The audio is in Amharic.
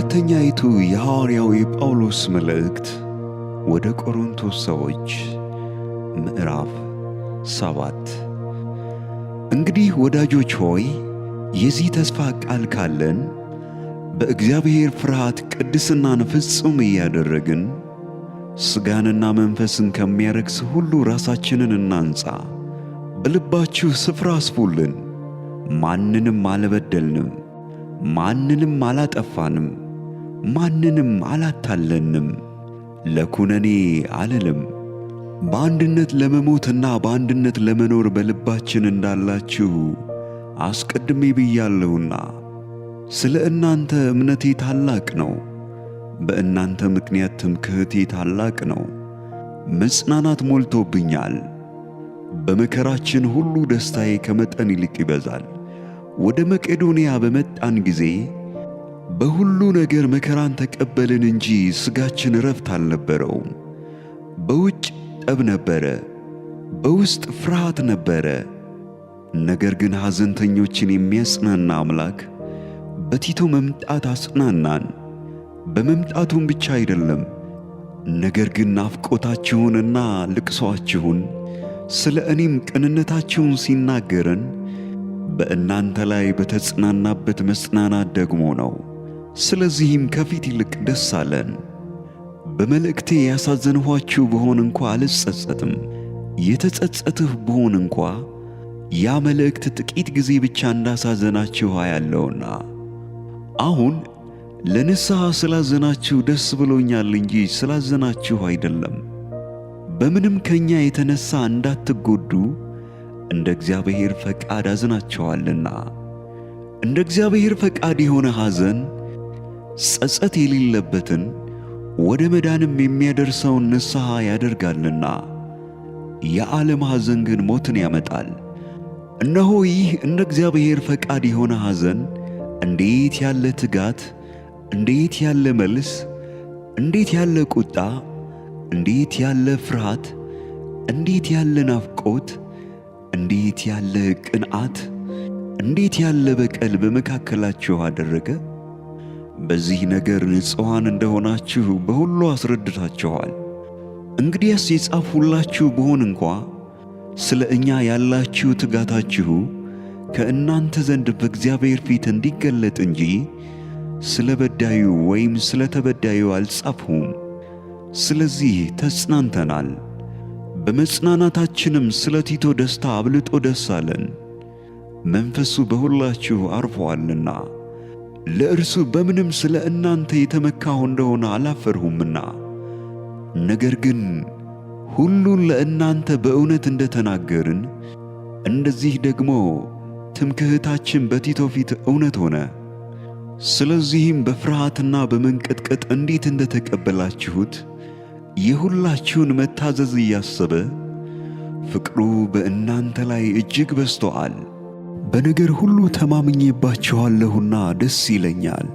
ሁለተኛይቱ የሐዋርያው የጳውሎስ መልእክት ወደ ቆሮንቶስ ሰዎች ምዕራፍ ሰባት እንግዲህ ወዳጆች ሆይ የዚህ ተስፋ ቃል ካለን በእግዚአብሔር ፍርሃት ቅድስናን ፍጹም እያደረግን ሥጋንና መንፈስን ከሚያረክስ ሁሉ ራሳችንን እናንጻ። በልባችሁ ስፍራ አስፉልን። ማንንም አልበደልንም፣ ማንንም አላጠፋንም። ማንንም አላታለንም። ለኩነኔ አልልም። በአንድነት ለመሞትና በአንድነት ለመኖር በልባችን እንዳላችሁ አስቀድሜ ብያለሁና ስለ እናንተ እምነቴ ታላቅ ነው፣ በእናንተ ምክንያት ትምክህቴ ታላቅ ነው። መጽናናት ሞልቶብኛል። በመከራችን ሁሉ ደስታዬ ከመጠን ይልቅ ይበዛል። ወደ መቄዶንያ በመጣን ጊዜ በሁሉ ነገር መከራን ተቀበልን እንጂ ሥጋችን ረፍት አልነበረውም። በውጭ ጠብ ነበረ፣ በውስጥ ፍርሃት ነበረ። ነገር ግን ሐዘንተኞችን የሚያጽናና አምላክ በቲቶ መምጣት አጽናናን። በመምጣቱም ብቻ አይደለም፣ ነገር ግን ናፍቆታችሁንና ልቅሶአችሁን ስለ እኔም ቅንነታችሁን ሲናገረን በእናንተ ላይ በተጽናናበት መጽናናት ደግሞ ነው። ስለዚህም ከፊት ይልቅ ደስ አለን። በመልእክቴ ያሳዘንኋችሁ ብሆን እንኳ አልጸጸትም። የተጸጸትህ ብሆን እንኳ ያ መልእክት ጥቂት ጊዜ ብቻ እንዳሳዘናችሁ አያለውና። አሁን ለንስሐ ስላዘናችሁ ደስ ብሎኛል እንጂ ስላዘናችሁ አይደለም። በምንም ከእኛ የተነሣ እንዳትጎዱ እንደ እግዚአብሔር ፈቃድ አዝናችኋልና። እንደ እግዚአብሔር ፈቃድ የሆነ ሐዘን ጸጸት የሌለበትን ወደ መዳንም የሚያደርሰውን ንስሐ ያደርጋልና የዓለም ሐዘን ግን ሞትን ያመጣል። እነሆ ይህ እንደ እግዚአብሔር ፈቃድ የሆነ ሐዘን እንዴት ያለ ትጋት፣ እንዴት ያለ መልስ፣ እንዴት ያለ ቁጣ፣ እንዴት ያለ ፍርሃት፣ እንዴት ያለ ናፍቆት፣ እንዴት ያለ ቅንዓት፣ እንዴት ያለ በቀል በመካከላችሁ አደረገ። በዚህ ነገር ንጹሐን እንደሆናችሁ በሁሉ አስረድታችኋል። እንግዲያስ የጻፍሁላችሁ ብሆን እንኳ ስለ እኛ ያላችሁ ትጋታችሁ ከእናንተ ዘንድ በእግዚአብሔር ፊት እንዲገለጥ እንጂ ስለ በዳዩ ወይም ስለ ተበዳዩ አልጻፍሁም። ስለዚህ ተጽናንተናል፣ በመጽናናታችንም ስለ ቲቶ ደስታ አብልጦ ደስ አለን፤ መንፈሱ በሁላችሁ ዐርፎአልና። ለእርሱ በምንም ስለ እናንተ የተመካሁ እንደሆነ አላፈርሁምና። ነገር ግን ሁሉን ለእናንተ በእውነት እንደ ተናገርን እንደዚህ ደግሞ ትምክህታችን በቲቶ ፊት እውነት ሆነ። ስለዚህም በፍርሃትና በመንቀጥቀጥ እንዴት እንደ ተቀበላችሁት የሁላችሁን መታዘዝ እያሰበ ፍቅሩ በእናንተ ላይ እጅግ በዝቶአል። በነገር ሁሉ ተማምኜባችኋለሁና ደስ ይለኛል።